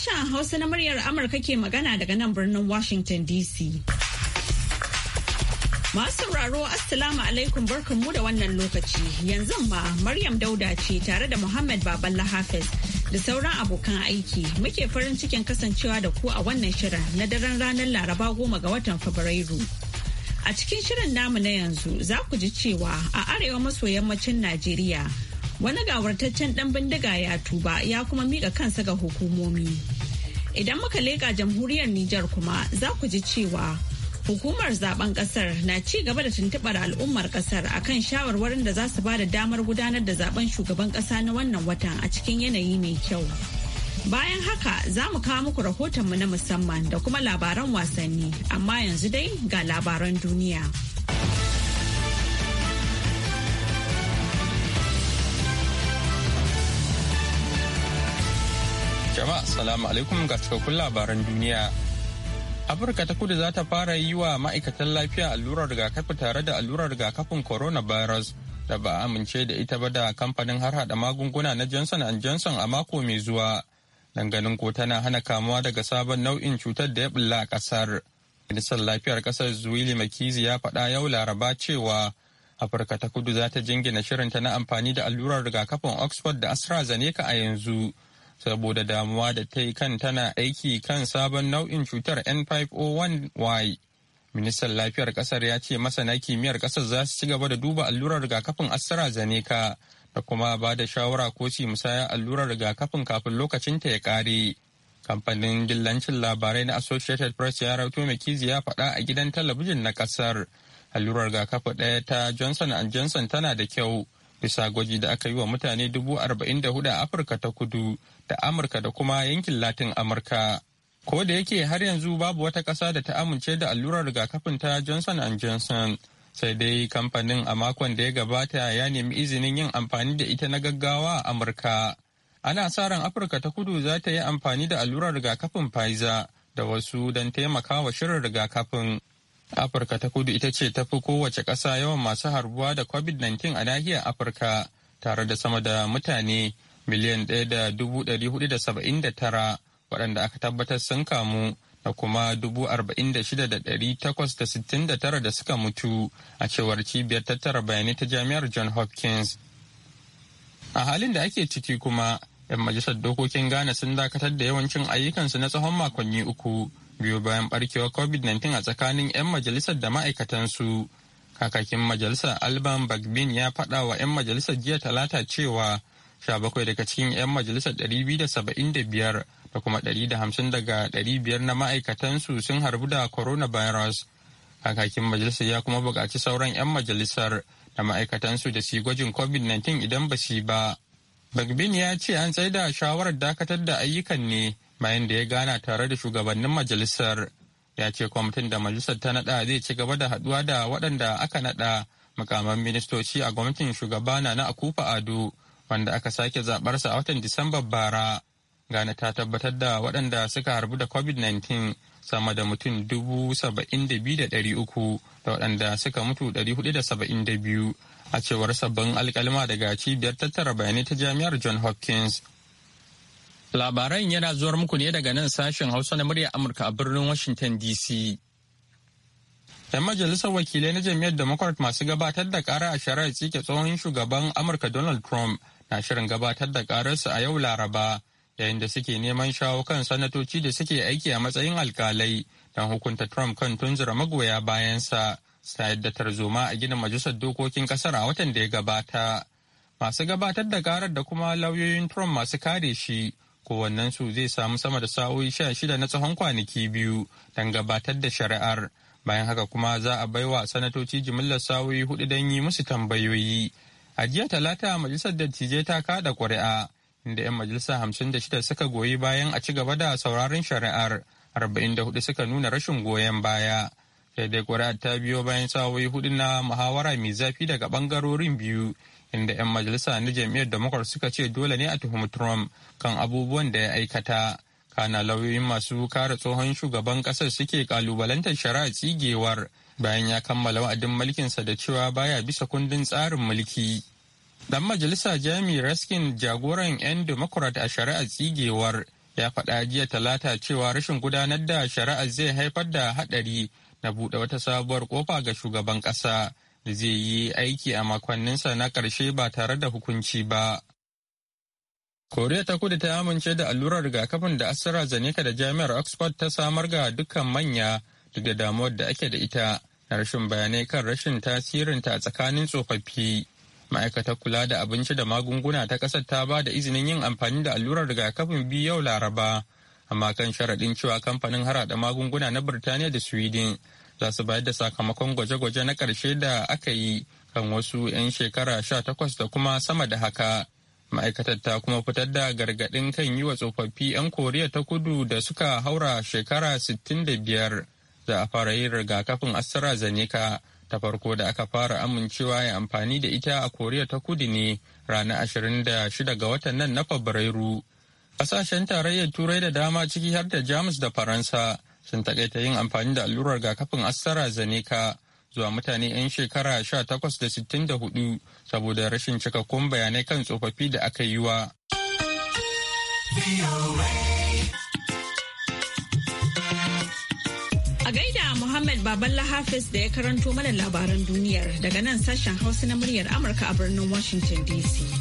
Sashen Hausa na muryar Amurka ke magana daga nan birnin Washington DC. Masu sauraro Assalamu alaikum barkanmu da wannan lokaci. Yanzu ma Maryam Dauda ce tare da Muhammad Baballa Hafiz da sauran abokan aiki muke farin cikin kasancewa da ku a wannan shirin na daren ranar Laraba goma ga watan Fabrairu. A cikin shirin namu na yanzu za ku ji cewa a arewa maso yammacin Najeriya wani gawartaccen dan bindiga ya tuba ya kuma mika kansa ga hukumomi idan muka leƙa jamhuriyar nijar kuma za ku ji cewa hukumar zaben kasar na ci gaba da tuntubar al'ummar kasar akan shawarwarin da za su ba da damar gudanar da zaben shugaban kasa na wannan watan a cikin yanayi mai kyau bayan haka za mu kawo muku rahotonmu na musamman da kuma labaran wasanni amma yanzu dai ga labaran duniya. Assalamu alaikum ga cikakkun labaran duniya. Afirka ta kudu za ta fara yi wa ma'aikatan lafiya allurar rigakafi tare da allurar rigakafin coronavirus da ba amince da ita ba da kamfanin har hada magunguna na Johnson Johnson a mako mai zuwa. Danganin ko tana hana kamuwa daga sabon nau'in cutar da ya bulla a kasar. Ministan lafiyar kasar Zuwili Makizi ya faɗa yau Laraba cewa Afirka ta kudu za ta jingina shirinta na amfani da allurar rigakafin Oxford da AstraZeneca a yanzu. saboda damuwa da ta yi kan tana aiki kan sabon nau'in cutar N501Y. Ministan lafiyar kasar ya ce masana kimiyyar kasar za su ci gaba da duba allurar rigakafin AstraZeneca da kuma ba da shawara ko ci musaya allurar rigakafin kafin lokacin ta ya kare. Kamfanin dillancin labarai na Associated Press ya rauto McKinsey ya faɗa a gidan talabijin na kasar. Allurar rigakafi ɗaya ta Johnson Johnson tana da kyau. bisa gwaji da aka yi wa mutane dubu arba'in da hudu a afirka ta kudu da amurka da kuma yankin latin amurka ko da yake har yanzu babu wata ƙasa da ta amince da allurar rigakafin ta johnson and johnson sai dai kamfanin a makon da ya gabata ya nemi izinin yin amfani da ita na gaggawa a amurka ana sa ran afirka ta kudu za ta yi amfani da allurar rigakafin pfizer da wasu don taimakawa shirin rigakafin Afirka ta kudu ita ce ta fi kowace ƙasa yawan masu harbuwa da COVID-19 a nahiyar Afirka tare da sama da mutane miliyan ɗaya waɗanda aka tabbatar sun kamu da kuma 46,869 da da suka mutu a cewar cibiyar tattara bayanai ta jami'ar John Hopkins. A halin da ake ciki kuma 'yan majalisar dokokin Ghana sun dakatar da yawancin ayyukansu na tsawon makonni uku biyu bayan barkewar covid-19 a tsakanin 'yan majalisar da ma'aikatansu kakakin majalisar alban bagbin ya faɗa wa 'yan majalisar jiya talata cewa 17 daga cikin 'yan majalisar 275 da kuma 150 daga 500 na ma'aikatansu sun harbu da coronavirus kakakin majalisar ya kuma buƙaci sauran 'yan majalisar da ma'aikatansu da su gwajin covid-19 idan ba shi ba bagbin ya ce an tsaida shawarar dakatar da ayyukan ne bayan da ya gana tare da shugabannin majalisar ya ce kwamitin da majalisar ta nada zai ci gaba da haduwa da waɗanda aka nada makaman ministoci a gwamnatin shugaba na na akufa ado wanda aka sake zabarsa a watan disambar bara gana ta tabbatar da waɗanda suka harbu da covid-19 sama da mutum dubu saba'in da biyu da ɗari uku da waɗanda suka mutu ɗari hudu da saba'in da biyu a cewar sabbin alkalima daga cibiyar tattara bayanai ta jami'ar john hopkins Labaran yana zuwar muku ne daga nan sashen Hausa na murya Amurka a birnin Washington DC. ‘Yan majalisar wakilai na jam'iyyar Democrat masu gabatar da kara a shari'ar tsike tsohon shugaban Amurka Donald Trump na shirin gabatar da kararsu a yau Laraba yayin da suke neman shawo kan sanatoci da suke aiki a matsayin alkalai don hukunta Trump kan tunzura magoya bayansa sa yadda tarzoma a gina majalisar dokokin kasar a watan da ya gabata. Masu gabatar da karar da kuma lauyoyin Trump masu kare shi kowannensu zai samu sama da sa'o'i sha shida na tsawon kwanaki biyu don gabatar da shari'ar bayan haka kuma za a baiwa sanatoci jimillar sa'o'i hudu don yi musu tambayoyi a jiya talata majalisar dattijai ta kada ƙuri'a inda 'yan majalisa hamsin da shida suka goyi bayan a ci gaba da sauraron shari'ar arba'in da hudu suka nuna rashin goyon baya sai dai ƙuri'ar ta biyo bayan sa'o'i hudu na muhawara mai zafi daga ɓangarorin biyu inda 'yan majalisa na jam'iyyar democrat suka ce dole ne a tuhumi trump kan abubuwan da ya aikata kana lauyoyin masu kare tsohon shugaban kasar suke kalubalantar shari'a tsigewar bayan ya kammala wa'adin mulkinsa da cewa baya bisa kundin tsarin mulki dan majalisa jami raskin jagoran 'yan democrat a shari'a tsigewar ya faɗa jiya talata cewa rashin gudanar da shari'a zai haifar da haɗari na buɗe wata sabuwar kofa ga shugaban ƙasa zai yi aiki a makonninsa na karshe ba tare da hukunci ba. Koriya ta kudu ta amince da allurar rigakafin da AstraZeneca da jami'ar Oxford ta samar ga dukkan manya daga damuwar da ake da ita na rashin bayanai kan rashin tasirinta a tsakanin tsofaffi. Ma'aikatar kula da abinci da magunguna ta ƙasar ta ba da izinin yin amfani da allurar rigakafin biyu yau Laraba, amma kan sharaɗin cewa kamfanin harada magunguna na Birtaniya da Sweden za su bayar da sakamakon gwaje-gwaje na ƙarshe da aka yi kan wasu 'yan shekara sha takwas da kuma sama da haka. Ma'aikatar ta kuma fitar da gargaɗin kan yi wa tsofaffi 'yan Koriya ta kudu da suka haura shekara sittin da biyar za a fara yin rigakafin AstraZeneca ta farko da aka fara amincewa ya amfani da ita a Koriya ta kudu ne rana ashirin da shida ga watan nan na Fabrairu. Ƙasashen tarayyar Turai da dama ciki har da Jamus da Faransa sun takaita yin amfani da allurar rigakafin AstraZeneca zuwa mutane 'yan shekara sha takwas da sittin da hudu saboda rashin cikakkun bayanai kan tsofaffi da aka yi wa. A gaida Muhammad Baballa Hafiz da ya karanto mana labaran duniyar daga nan sashen Hausa na muryar Amurka a birnin Washington DC.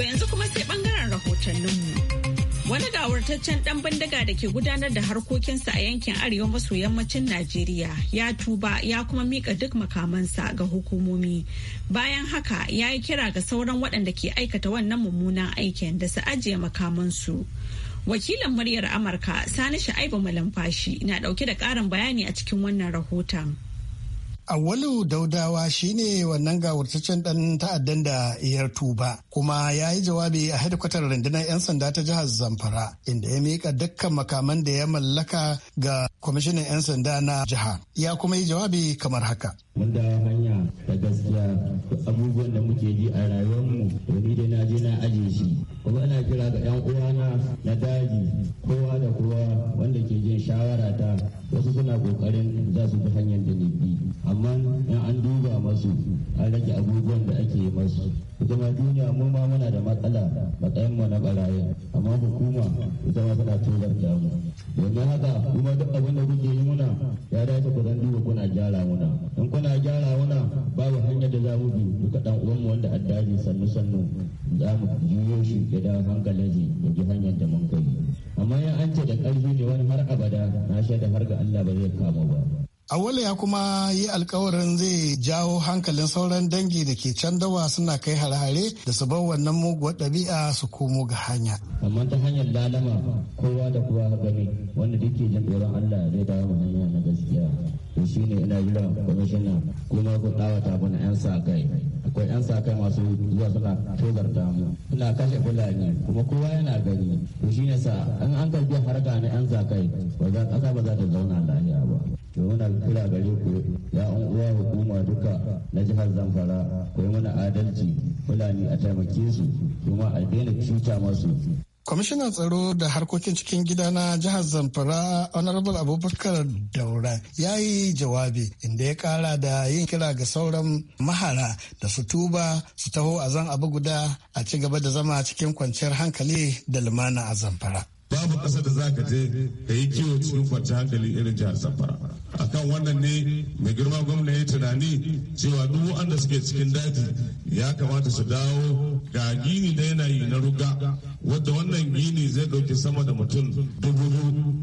To yanzu kuma sai bangaren mu Wani gawurtaccen dan bindiga da ke gudanar da harkokinsa a yankin arewa maso yammacin Najeriya ya tuba ya kuma mika duk makamansa ga hukumomi. Bayan haka ya yi kira ga sauran waɗanda ke aikata wannan mummunan aikin da su ajiye makamansu. Wakilin muryar Amurka Sani Sha'ibu Malamfashi na ɗauke da ƙarin bayani a cikin wannan rahoton. Awalu Daudawa shine wannan gawurtaccen dan ta'addan da iyar tuba kuma ya yi jawabi a hedikwatar rundunar 'yan sanda ta jihar Zamfara inda ya mika dukkan makaman da ya mallaka ga kwamishinan 'yan sanda na jiha. Ya kuma yi jawabi kamar haka. Mun hanya da gaskiya abubuwan da muke ji a rayuwarmu wani da na je na aje shi kuma ina kira ga 'yan uwana na daji kowa da kowa wanda ke jin shawara ta wasu suna kokarin za su bi hanyar da ne bi amma in an duba masu a rage abubuwan da ake masu ita ma duniya mu ma muna da matsala matsayin mu na barayi amma hukuma ita ma tana da mu domin haka kuma duk abin da kuke yi muna ya dace ku dan duba kuna gyara muna in kuna gyara muna babu hanyar da za mu bi duka dan mu wanda addaji sannu sannu za mu juyo shi ya dawo hankali ya ji hanyar da mun kai amma ya an ce da ƙarfi ne wani har abada na shaida har ga Allah ba zai kama ba Awala ya kuma yi alkawarin zai jawo hankalin sauran dangi da ke can dawa suna kai harhare da su bar wannan muguwar ɗabi'a su komo ga hanya. Amma ta hanyar lalama kowa da kowa gani wanda duke jin tsoron Allah zai dawo mu hanya na gaskiya. To shi ne ina jira kwamishina kuma ku ɗawata mana 'yan sa kai. Akwai 'yan sa kai masu zuwa suna tozarta mu. Suna kashe fulani kuma kowa yana gani. To shi ne sa an an karbi harka na 'yan sa kai ba za ƙasa ba za ta zauna lafiya ba. to muna kira gare ku ya an uwa hukuma duka na jihar zamfara ku yi mana adalci fulani a taimake su kuma a daina cuta masu kwamishinan tsaro da harkokin cikin gida na jihar zamfara honorable abubakar daura ya yi jawabi inda ya kara da yin kira ga sauran mahara da su tuba su taho a zan abu guda a ci gaba da zama cikin kwanciyar hankali da lumana a zamfara babu ƙasa da za ka je ka yi kiwo cikin kwanciyar hankali irin jihar zamfara akan wannan ne mai girma gwamna ya tunani cewa duk wanda suke cikin daji ya kamata su dawo ga gini da yanayi na ruga wadda wannan gini zai ɗauki sama da mutum dubu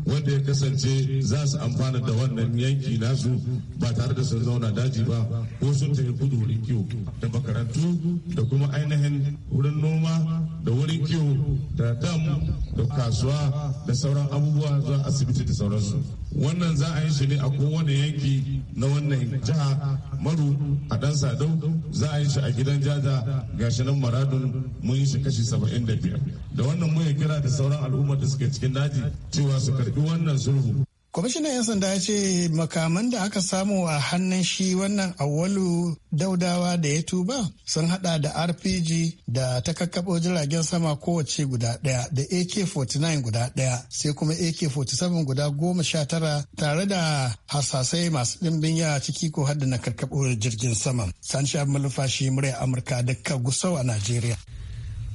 wadda ya kasance za su amfana da wannan yanki nasu ba tare da sun zauna daji ba ko sun tafi kudu wurin kiwo da makarantu da kuma ainihin wurin noma da wurin kiwo da dam da kasuwa da sauran abubuwa zuwa asibiti da sauransu wannan za a yi shi ne a kowane yanki na wannan jiha maru a dan sadau za a yi shi a gidan jaja gashi nan maradun mun yi shi kashi 75 da wannan mun kira da sauran al'ummar da suke cikin daji cewa su karbi wannan sulhu kwamishinan 'yan sanda ya ce makaman da aka samu a hannun shi wannan awalu daudawa da ya tuba sun hada da rpg da takakkabo jiragen sama kowace guda daya da ak-49 guda daya sai kuma ak-47 guda goma sha tara tare da hasasai masu dimbin yawa ciki ko hada na karkabo jirgin sama sanshi malumfashi murya amurka daga gusau a najeriya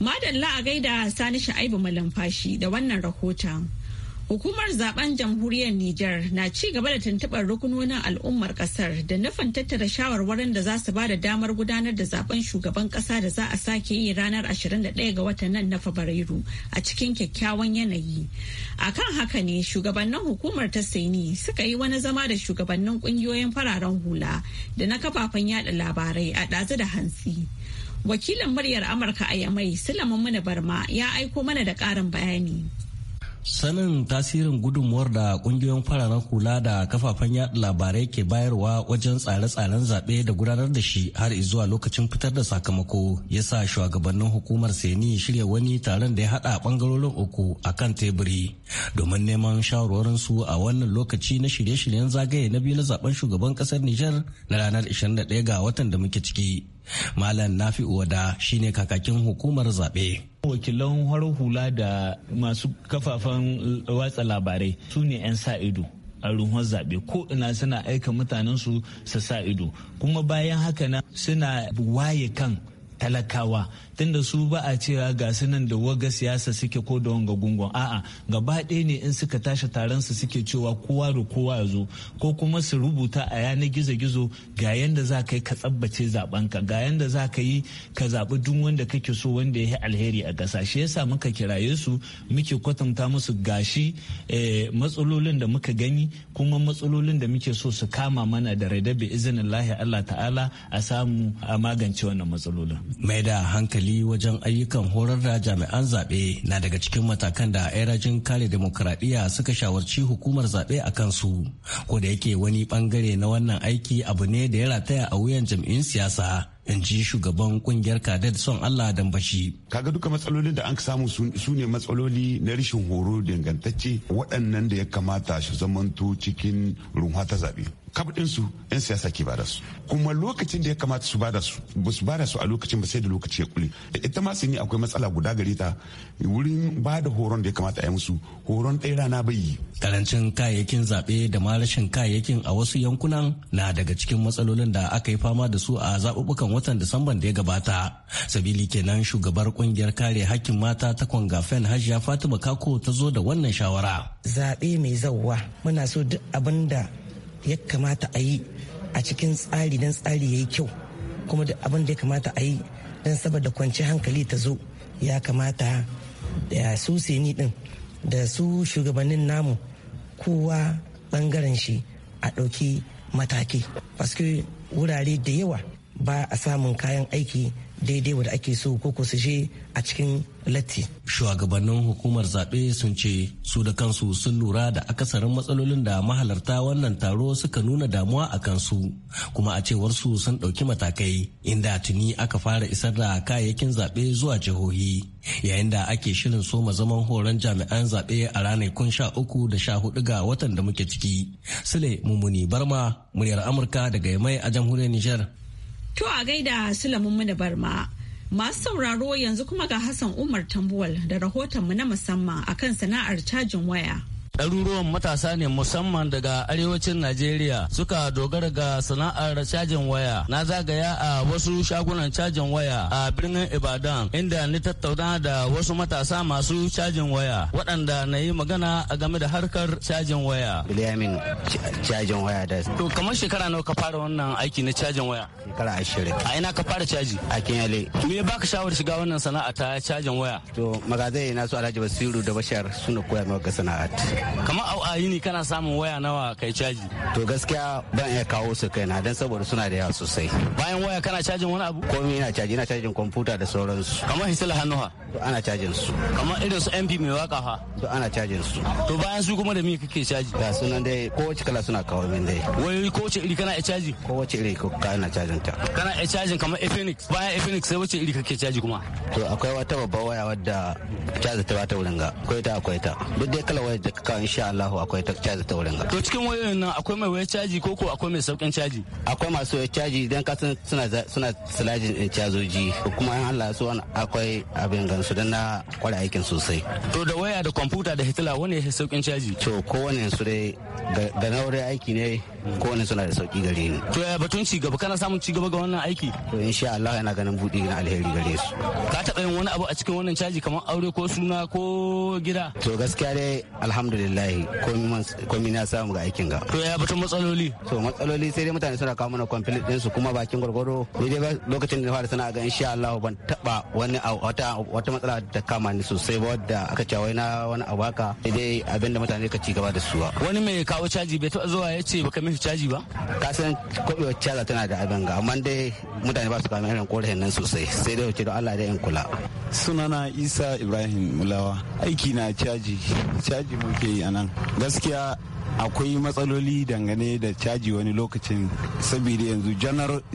madalla a gaida sani sha'ibu malumfashi da wannan rahoton Hukumar zaben jamhuriyar Nijar na ci gaba da tuntuɓar rukunonin al'ummar ƙasar da nufin tattara shawarwarin da za su ba da damar gudanar da zaben shugaban ƙasa da za a sake yi ranar 21 ga watan nan na Fabrairu a cikin kyakkyawan yanayi. A kan haka ne shugabannin hukumar ta Saini suka yi wani zama da shugabannin ƙungiyoyin fararen hula da na kafafen yada labarai a ɗazu da hantsi. Wakilin muryar Amurka a Yamai Sulaiman Muna Barma ya aiko mana da ƙarin bayani. Sanin tasirin gudunmuwar da kungiyoyin fararen hula da kafafen yaɗa labarai ke bayarwa wajen tsare-tsaren zaɓe da gudanar da shi har zuwa lokacin fitar da sakamako ya sa shugabannin hukumar Seni shirya wani taron da ya haɗa ɓangarorin uku a kan teburi domin neman shawarwarinsu a wannan lokaci na shirye-shiryen zagaye na biyu na zaben shugaban ƙasar Nijar na ranar 21 ga watan da muke ciki. Malam Nafi Wada shine kakakin hukumar zaɓe. Wakilan har hula da masu kafafen watsa labarai su ne 'yan sa ido a ruhun zaɓe ko ina suna aika mutanensu su sa ido kuma bayan haka na suna waye kan talakawa tunda su ba a cewa ga nan da waga siyasa suke ko da wanga gungun a'a gaba ɗaya ne in suka tashi taron su suke cewa kowa da kowa ya zo ko kuma su rubuta a yanar gizo-gizo ga yanda za ka yi ka tsabbace zaben ka ga yanda za ka yi ka zaɓi duk wanda kake so wanda ya yi alheri a gasa shi yasa muka kiraye su muke kwatanta musu gashi eh, matsalolin da muka gani kuma matsalolin da muke so su kama mana da raidabe izinin lahi Allah ta'ala a samu a magance wannan matsalolin. mai da hankali wajen ayyukan horar da jami'an zaɓe na daga cikin matakan da 'yan kare demokradiyya suka shawarci hukumar zaɓe a kansu ko da yake wani ɓangare na wannan aiki abu ne da ya rataya a wuyan jam'in siyasa in ji shugaban kungiyar kadad son Allah dambashi. Kaga duka matsalolin da an samu su ne matsaloli na rashin horo dangantacce waɗannan da ya kamata su zamanto cikin runwa ta zaɓe. kabudinsu su yan siyasa ke ba da su kuma lokacin da ya kamata su ba da su ba su da su a lokacin ba sai da lokaci ya kule ita ma sun yi akwai matsala guda gare ta wurin ba da horon da ya kamata a yi musu horon ɗaya rana bai yi karancin kayayyakin zaɓe da ma rashin kayayyakin a wasu yankunan na daga cikin matsalolin da aka yi fama da su a zaɓuɓɓukan watan disamban da ya gabata sabili kenan shugabar kungiyar kare hakkin mata ta kwangafen hajiya fatima kako ta zo da wannan shawara zaɓe mai zauwa muna so duk abin da ya kamata a yi a cikin tsari don tsari ya yi kyau kuma da abin da ya kamata a yi don saboda kwanci hankali ta zo ya kamata da su seni din da su shugabannin namu kowa bangaren shi a ɗauki mataki wurare da yawa ba a samun kayan aiki daidai wanda ake so ko ko su je a cikin latti. Shugabannin hukumar zaɓe sun ce su da kansu sun lura da akasarin matsalolin da mahalarta wannan taro suka nuna damuwa a kansu kuma a cewar su sun ɗauki matakai inda tuni aka fara isar da kayayyakin zaɓe zuwa jihohi yayin da ake shirin soma zaman horon jami'an zaɓe a ranar kun sha uku da sha hudu ga watan da muke ciki. Sule Mumuni Barma, muryar Amurka daga Yamai a jamhuriyar Nijar. To a gaida Sulamun mu da barma. Masu sauraro yanzu kuma ga Hassan Umar Tambuwal da rahotonmu na musamman akan sana'ar cajin waya. ɗaruruwan matasa ne musamman daga arewacin Najeriya suka dogara ga sana'ar cajin waya. Na zagaya a wasu shagunan cajin waya a birnin Ibadan inda ni tattauna da wasu matasa masu cajin waya waɗanda na yi magana a game da harkar cajin waya. Biliyamin cajin waya da. To kamar shekara nawa ka fara wannan aiki na cajin waya? Shekara ashirin. A ina ka fara caji? A Kinyale. Me ya baka shawarar shiga wannan sana'a ta cajin waya? To magazai na su Alhaji Basiru da Bashar suna koya maka sana'a. kamar ayi ne kana samun waya nawa kai caji to gaskiya ban iya kawo su kai na dan saboda suna da yawa sosai bayan waya kana cajin wani abu komai ina caji ina cajin kwamfuta da sauransu kamar hisila hannu ha to ana cajin su kamar irin su MP mai waka ha to ana cajin su to bayan su kuma da me kake caji ga sunan dai kowace kala suna kawo min dai wai kowace iri kana iya caji kowace iri ko kana cajin ta kana iya cajin kamar Phoenix bayan Phoenix sai wace iri kake caji kuma to akwai wata babbar waya wadda caji ta bata wurin ga akwai ta akwai ta duk dai kala waya da ka duka insha Allah akwai ta caji ta wurin to cikin wayoyin nan akwai mai wayar caji ko ko akwai mai saukin caji akwai masu wayar caji dan ka suna suna silajin in cazoji kuma in Allah so akwai abin gansu dan na kware aikin sosai to da waya da kwamfuta da hitila wani ya saukin caji to wani su dai ga na wurin aiki ne ko wani suna da sauki gare ni to ya batun ci gaba kana samun ci gaba ga wannan aiki to insha Allah yana ganin budi na alheri gare su ka taɓa yin wani abu a cikin wannan caji kamar aure ko suna ko gida to gaskiya dai alhamdulillah alhamdulillah komi na samu ga aikin ga to ya batun matsaloli to matsaloli sai dai mutane suna kawo mana complete din su kuma bakin gwargwaro ni dai lokacin da fara sana'a ga insha Allah ban taba wani wata wata matsala da kama ni sosai ba wadda aka ce wai na wani abaka sai dai abinda mutane ka ci gaba da suwa wani mai kawo caji bai taba zuwa yace baka mishi caji ba ka san kwabewar caza tana da abin ga amma dai mutane ba su kama irin korahin nan sosai sai dai wace da Allah da in kula sunana Isa Ibrahim Mulawa aiki na caji caji muke yi nan gaskiya akwai matsaloli dangane da caji wani lokacin saboda yanzu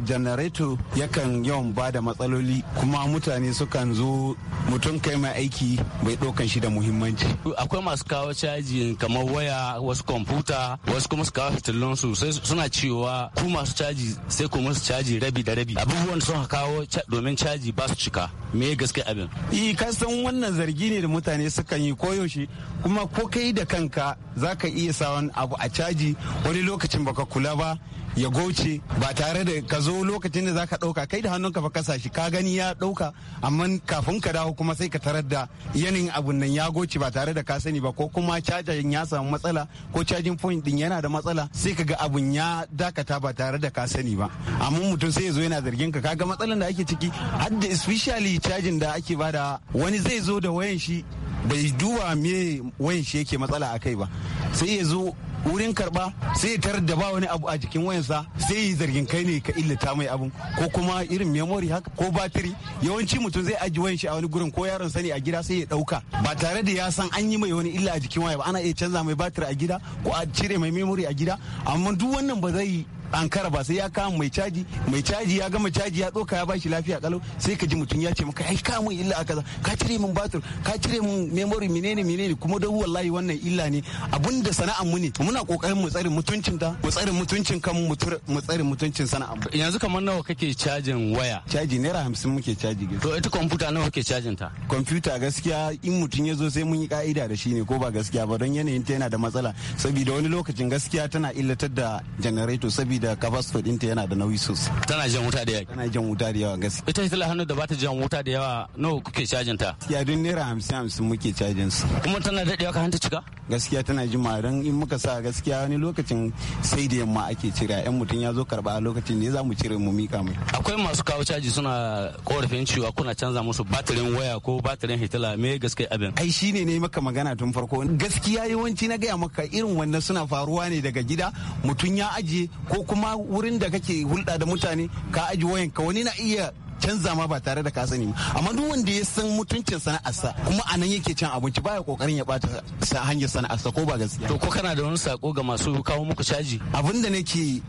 janareto yakan yawan ba da matsaloli kuma mutane sukan zo mutum kai mai aiki bai ɗaukan shi da muhimmanci akwai masu kawo caji kamar waya wasu kwamfuta wasu kuma su kawo fitilun su suna cewa ku masu caji sai ku masu caji rabi da rabi abubuwan sun kawo domin caji ba su cika me gaske abin i eh, kasan wannan zargi ne da mutane sukan yi koyaushe kuma ko kai da kanka za ka iya sa abu a caji wani lokacin baka kula ba ya goce ba tare da ka zo lokacin da zaka ɗauka kai da hannunka fa kasa shi ka gani ya dauka amma kafin ka dawo kuma sai ka tarar da yanayin abun nan ya goce ba tare da ka sani ba ko kuma cajin ya samu matsala ko cajin point din yana da matsala sai ka ga abun ya dakata ba tare da ka sani ba amma mutum sai ya zo yana zargin ka kaga matsalan da ake ciki har da especially cajin da ake bada wani zai zo da wayan shi bai duba me wayan shi yake matsala akai ba sai ya zo wurin karba sai ya tarar da ba wani abu a jikin wayansa sai yi zargin kai ne ka illata mai abun ko kuma irin memory haka ko batiri yawanci mutum zai aji wayan shi a wani gurin ko yaron sani a gida sai ya dauka ba tare da ya san an yi mai wani illa a jikin waya ba ana iya canza mai batiri a gida ko a cire mai memory a gida amma duk wannan ba zai ankara ba sai ya kama mai caji mai caji ya gama caji ya tsoka ya bashi lafiya kalau sai ka ji mutum ya ce maka ai ka mun illa kaza ka cire mun batur ka cire mun memory menene menene kuma da wallahi wannan illa ne abinda sana'ar mu ne muna kokarin mu tsare mutuncin ta mu tsare mutuncin kan mu tsare mutuncin sana'ar mu yanzu kamar nawa kake cajin waya caji naira hamsin muke caji to ita kwamfuta nawa kake cajin ta kwamfuta gaskiya in mutum ya zo sai mun yi ka'ida da shi ne ko ba gaskiya ba don yanayin ta yana da matsala saboda wani lokacin gaskiya tana illatar da generator saboda saboda capacitor ɗinta yana da nauyi sosai tana jan wuta da yawa tana jan wuta da yawa gaskiya ita ita hannu da ba ta jan wuta da yawa nawa kuke cajin ta ya dun naira hamsin hamsin muke cajin su kuma tana daɗewa ka hanta cika gaskiya tana jima don in muka sa gaskiya wani lokacin sai da yamma ake cira yan mutum ya zo karba a lokacin ne za mu cire mu mika mai akwai masu kawo caji suna korafin cewa kuna canza musu batirin waya ko batirin hitila me gaskiya abin ai shine ne maka magana tun farko gaskiya yawanci na gaya maka irin wannan suna faruwa ne daga gida mutum ya ajiye ko kuma wurin da kake hulɗa da mutane ka aji wayan ka wani na iya canza ma ba tare da ka sani amma duk wanda ya san mutuncin sana'arsa kuma a nan yake cin abinci baya kokarin ya bata sa hanyar sana'arsa ko ba gaskiya to ko kana da wani sako ga masu kawo muku caji abin da nake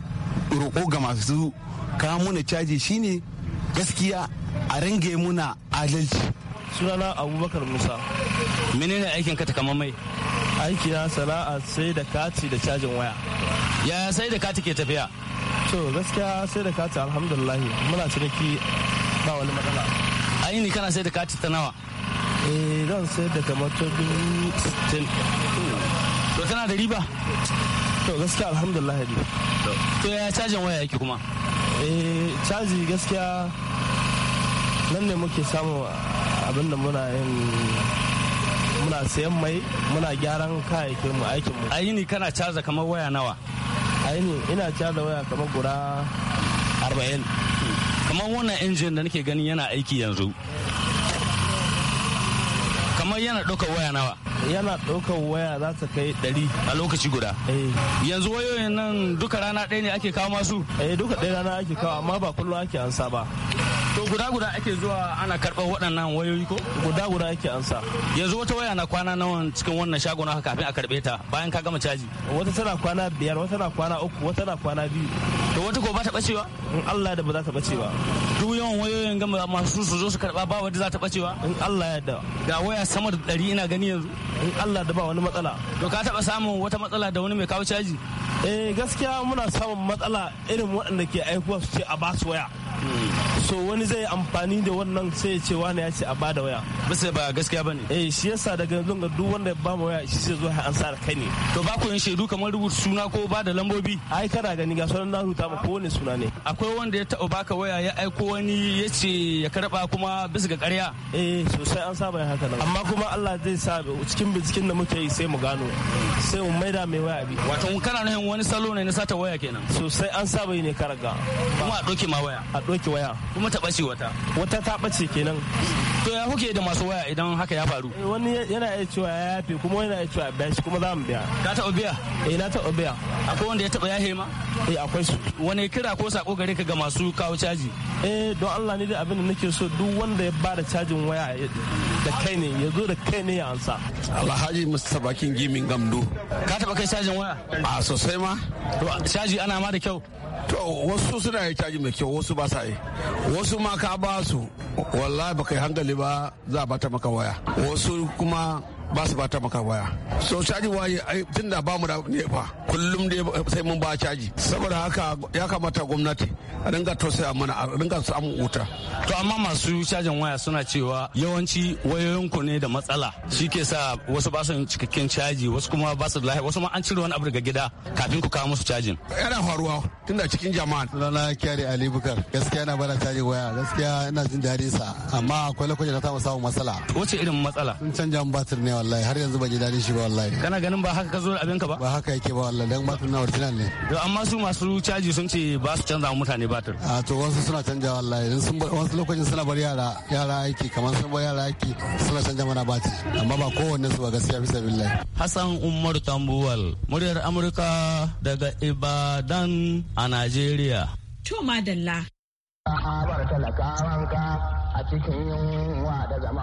roko ga masu kawo muna caji shine gaskiya a ringe muna adalci sunana abubakar musa menene aikin ka mai? aiki na sana'a sai da kati da cajin waya yaya sai da kati ke tafiya to gaskiya sai da kati alhamdulillah muna ciniki ba wani matsala aini kana sai da kati ta nawa eh zan sai da kamar ta dubu sittin to tana da riba to gaskiya alhamdulillah ne to yaya cajin waya yake kuma eh caji gaskiya nan ne muke samu abinda muna yin muna sayan mai muna gyaran kayayyakin mu aikin mu aini kana caza kamar waya nawa aini ina caza waya kamar guda 40 kamar wannan injin da nake gani yana aiki yanzu kamar yana ɗaukar waya nawa yana ɗaukar waya za ta kai ɗari a lokaci guda eh. yanzu wayoyin nan duka rana ɗaya ne ake kawo masu eh duka ɗaya rana ake kawo amma ba kullum ake ansa ba to guda guda ake zuwa ana karɓar waɗannan wayoyi ko guda guda ake ansa yanzu wata waya na kwana nawa cikin wannan shagon haka kafin a karɓe ta bayan ka gama caji wata tana kwana biyar wata na kwana uku wata na kwana biyu to wata ko ba ta bacewa in Allah da ba za ta ɓacewa. duk yawan wayoyin gama masu su zo su karɓa ba wadda za ta ɓacewa in Allah ya da ga waya sama da ɗari ina gani yanzu in Allah da ba wani matsala to ka taɓa samun wata matsala da wani mai kawo caji eh gaskiya muna samun matsala irin waɗanda ke aikuwa su ce a basu waya so wani zai amfani da wannan sai ya ce wani ya ce a bada waya bisa ba gaskiya bane eh shi yasa daga yanzu ga duk wanda ya ba mu waya shi zai zo ya ansa da kai ne to ba ku yin shaidu kamar rubuta suna ko ba da lambobi ai kana gani ga sunan na rubuta ko wani suna ne akwai wanda ya taba baka waya ya aiko wani ya ce ya karba kuma bisa ga ƙarya eh sosai an saba haka nan amma kuma Allah zai sa cikin binciken da muke yi sai mu gano sai mu maida mai waya bi wato kana nan wani salo ne na sata waya kenan sosai an saba yi ne karaga kuma a doke ma waya a ɗauke waya kuma ta ɓace wata wata ta ɓace kenan to ya kuke da masu waya idan haka ya faru eh, wani yana iya cewa ya yafe kuma yana iya cewa ya bashi kuma za mu biya ka taɓa biya eh na taɓa biya akwai wanda ya taɓa yahe ma eh akwai su wani kira ko sako gare ka ga masu kawo caji eh don Allah ne da abin da nake so duk wanda ya bada cajin waya da kai ne ya zo da kai ne ya ansa Alhaji Mustapha Bakin Gimin Gamdu ka taɓa kai cajin waya a sosai ma to caji ana ma da kyau to wasu suna yi caji mai kyau wasu ba sa yi wasu ma ka ba su wallahi baka yi hankali ba za a bata maka waya wasu kuma ba su ba ta maka waya so caji waye ai tunda ba mu da nefa kullum dai sai mun ba caji saboda haka ya kamata gwamnati a dinga tausaya mana a dinga amu wuta to amma masu cajin waya suna cewa yawanci ku ne da matsala shi ke sa wasu ba su cikakken caji wasu kuma ba su lahiya wasu ma an cire wani abu daga gida kafin ku kawo musu cajin yana faruwa tunda cikin jama'a sunana kyari ali bukar gaskiya na bana caji waya gaskiya ina jin daɗin sa amma akwai lokacin da ta samu matsala wace irin matsala sun canja batir ne wallahi har yanzu ban ji dadin shi ba wallahi kana ganin ba haka ka zo abin abinka ba ba haka yake ba wallahi dan batun na original ne to amma su masu caji sun ce ba su canza mutane batir a to wasu suna canja wallahi in sun wasu lokacin suna bar yara yara aiki kamar sun bar yara aiki suna canja mana batir amma ba kowanne su ba gaskiya bisa billahi Hassan Umar Tambuwal muryar Amurka daga Ibadan a Najeriya to madalla a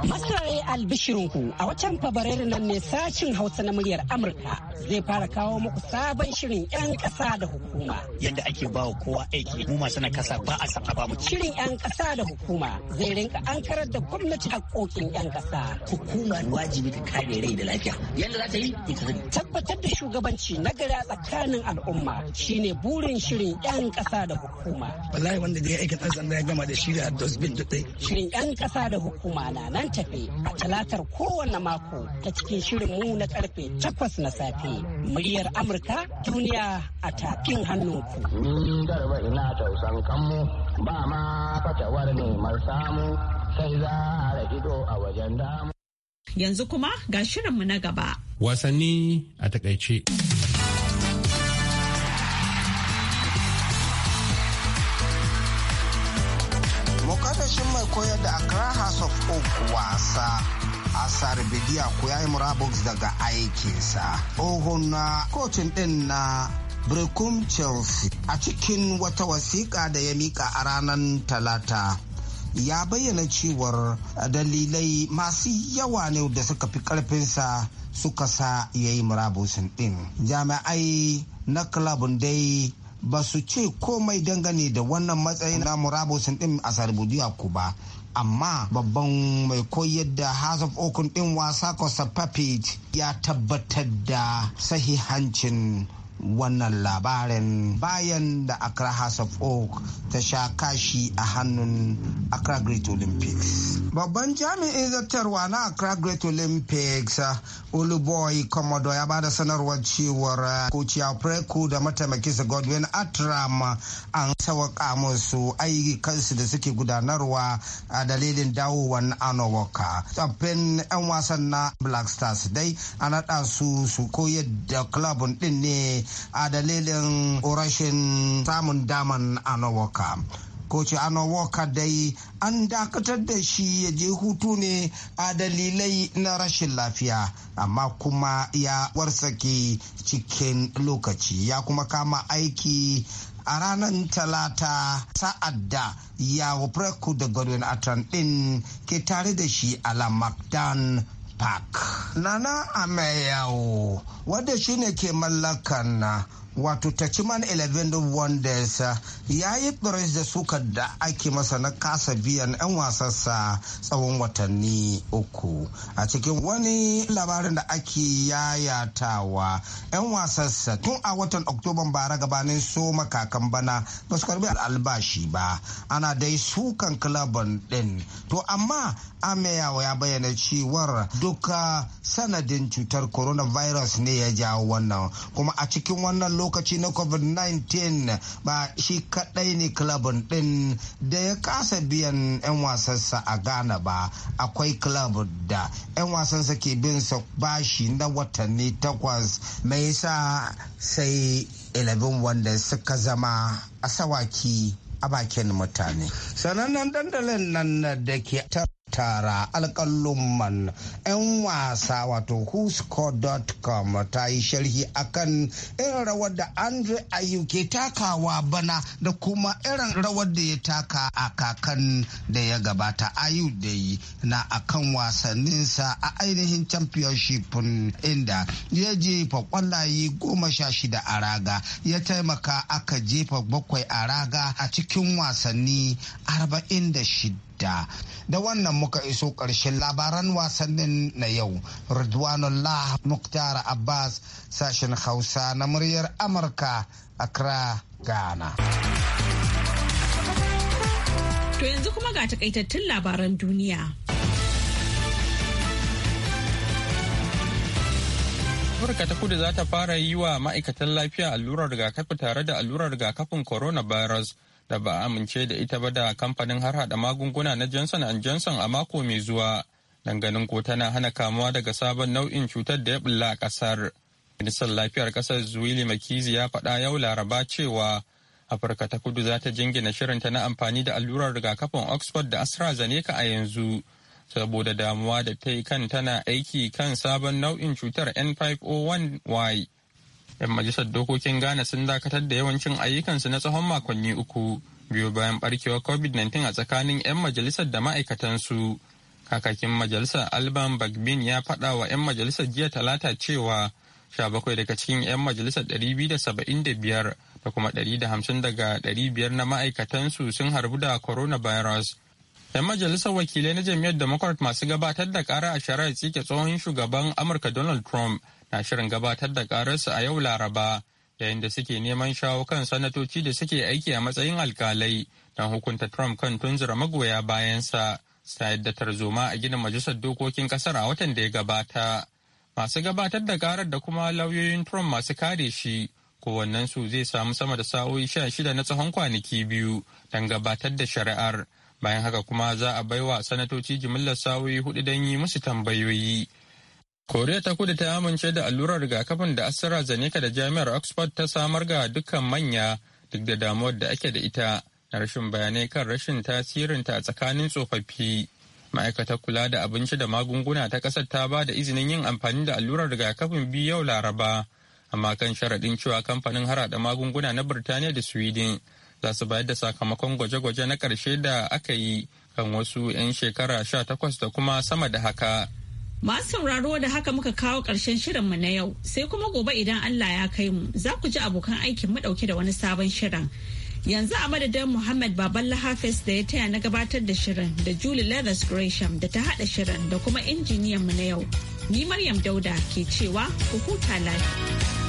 Masarai a watan Fabrairu nan ne sashin Hausa na muryar Amurka zai fara kawo muku sabon shirin 'yan ƙasa da hukuma. Yadda ake bawa kowa aiki mu masu na kasa ba a saba mu. Shirin 'yan ƙasa da hukuma zai rinka ankarar da gwamnati haƙoƙin 'yan ƙasa. Hukuma wajibi ta kare rai da lafiya. Yadda za ta yi ita Tabbatar da shugabanci na gari tsakanin al'umma shine burin shirin 'yan ƙasa da hukuma. Wallahi wanda zai aikata zan ya gama da shirya dosbin dutse. Shirin 'yan ƙasa da hukuma na nan tafe a talatar kowane mako ta cikin shirin mu na karfe takwas na safe. Muryar Amurka duniya a tafin hannunku. Ni garba ina tausan kanmu ba ma fatawar neman samu sai za a ido a wajen damu. Yanzu kuma ga shirinmu na gaba. Wasanni a takaice. wasa a bidiya ko ya yi murabus daga aikinsa ohun na kocin din na brekum Chelsea a cikin wata wasiƙa da ya mika a ranar Talata. Ya bayyana cewar dalilai masu yawa ne da suka fi ƙarfinsa suka sa ya yi murabusin ɗin. Jami'ai na kalabun dai ba su ce komai dangane da wannan matsayin na murabusin ɗin a Sarbudiya ku ba. amma babban mai koyar da house of okun din wasa costa ya tabbatar da sahihancin wannan labarin bayan da Accra House of Oak ta sha kashi a hannun Accra Great Olympics. Babban jami'in zartarwa na Accra Great Olympics uh, Oluboy Komodo ya bada sanarwar cewar kociya uh, Preku da mataimakinsa Godwin Atram uh, an sawaka musu ayyukansu da suke gudanarwa a dalilin dawowar anowoka Tsaffin 'yan wasan na Black Stars dai ana naɗa su su koyar da kulabun ɗin ne a dalilin rashin samun daman anowoka koci anowoka dai an dakatar da shi ya je hutu ne a dalilai na rashin lafiya amma kuma ya warsake cikin lokaci ya kuma kama aiki a ranar talata sa'adda da yawo preku da godwin atan din ke tare da shi a lamakdan park nana ameyawo wadda ne ke mallakan wato tachiman eleven wonders uh, ya yi tsiris da suka da ake masa na kasa biyan 'yan wasansa tsawon watanni uku a cikin wani labarin da ake yayatawa 'yan wasansa tun a watan oktoban bara gabanin so makakan bana ba su karbi albashi ba ana dai sukan kilabon din to amma ameyawa ya bayyana cewar duka sanadin cutar coronavirus ne ya jawo wannan kuma a cikin wannan lokaci na covid-19 ba shi kadai ne klabin din da ya kasa biyan 'yan wasansa a ghana ba akwai klab da 'yan wasansa ke bin sa bashi na watanni takwas mai yasa sai 11 wanda suka zama a sawaki a bakin mutane sanannen dandalin nan da ke tara man 'yan wasa wato whoscore.com ta yi sharhi akan irin rawar da andre ayu ke takawa bana da kuma irin rawar da ya taka a kakan da ya gabata ayu da yi na akan wasanninsa a ainihin championship inda ya jefa kwallaye goma sha shida a raga ya taimaka aka jefa bakwai a raga a cikin wasanni arba'in da shida halitta da wannan muka iso ƙarshen labaran wasannin na yau ridwanullah muktar abbas sashen hausa na muryar amurka accra ghana to yanzu kuma ga takaitattun labaran duniya Amurka ta kudu za ta fara yi wa ma'aikatan lafiya allurar rigakafi tare da allurar rigakafin coronavirus da ba amince da ita ba da kamfanin har hada magunguna na Johnson Johnson a mako mai zuwa danganin ko tana hana kamuwa daga sabon nau'in cutar da ya bulla a kasar. Ministan lafiyar kasar Zuwili Makizi ya faɗa yau Laraba cewa Afirka ta kudu za ta jingina shirinta na amfani da allurar rigakafin Oxford da AstraZeneca a yanzu saboda damuwa da ta yi kan tana aiki kan sabon nau'in cutar N501Y 'yan majalisar dokokin ghana sun dakatar da yawancin ayyukansu na tsawon makonni uku biyu bayan barkewar covid-19 a tsakanin 'yan majalisar da ma'aikatansu kakakin majalisar alban bagbin ya faɗa wa 'yan majalisar jiya talata cewa 17 daga cikin 'yan majalisar 275 da kuma 150 daga 500 na ma'aikatansu sun harbu da coronavirus. 'Yan majalisar wakilai na jam'iyyar Democrat masu gabatar da kara a shari'a tsike tsohon shugaban Amurka Donald Trump na shirin gabatar da ƙararsu a yau Laraba yayin da suke neman shawo kan sanatoci da suke aiki a matsayin alkalai don hukunta Trump kan tunzura magoya bayansa sa yadda tarzoma a gina majalisar dokokin kasar a watan da ya gabata. Masu gabatar da karar da kuma lauyoyin Trump masu kare shi su zai samu sama da sa'o'i sha shida na tsawon kwanaki biyu don gabatar da shari'ar. Bayan haka kuma za a baiwa sanatoci jimillar sa'o'i hudu don yi musu tambayoyi. Koriya ta kudu ta amince da allurar rigakafin da AstraZeneca da jami'ar Oxford ta samar ga dukkan manya duk da damuwar da ake da ita na rashin bayanai kan rashin tasirinta a tsakanin tsofaffi. Ma'aikatar kula da abinci da magunguna ta ƙasar ta ba da izinin yin amfani da allurar rigakafin biyu yau Laraba, amma kan sharaɗin cewa kamfanin haraɗa magunguna na Birtaniya da Sweden za su bayar da sakamakon gwaje-gwaje na ƙarshe da aka yi kan wasu 'yan shekara sha takwas da kuma sama da haka. Masu sauraro da haka muka kawo ƙarshen shirinmu na yau sai kuma gobe idan Allah ya kai mu za ku ji abokan aikin mu ɗauke da wani sabon shirin. Yanzu a madadin Muhammad Baballa Hafiz da ya taya na gabatar da shirin da Julie Leathers Gresham da ta haɗa shirin da kuma injiniyan mu na yau. Ni Maryam Dauda ke cewa ku huta lafiya.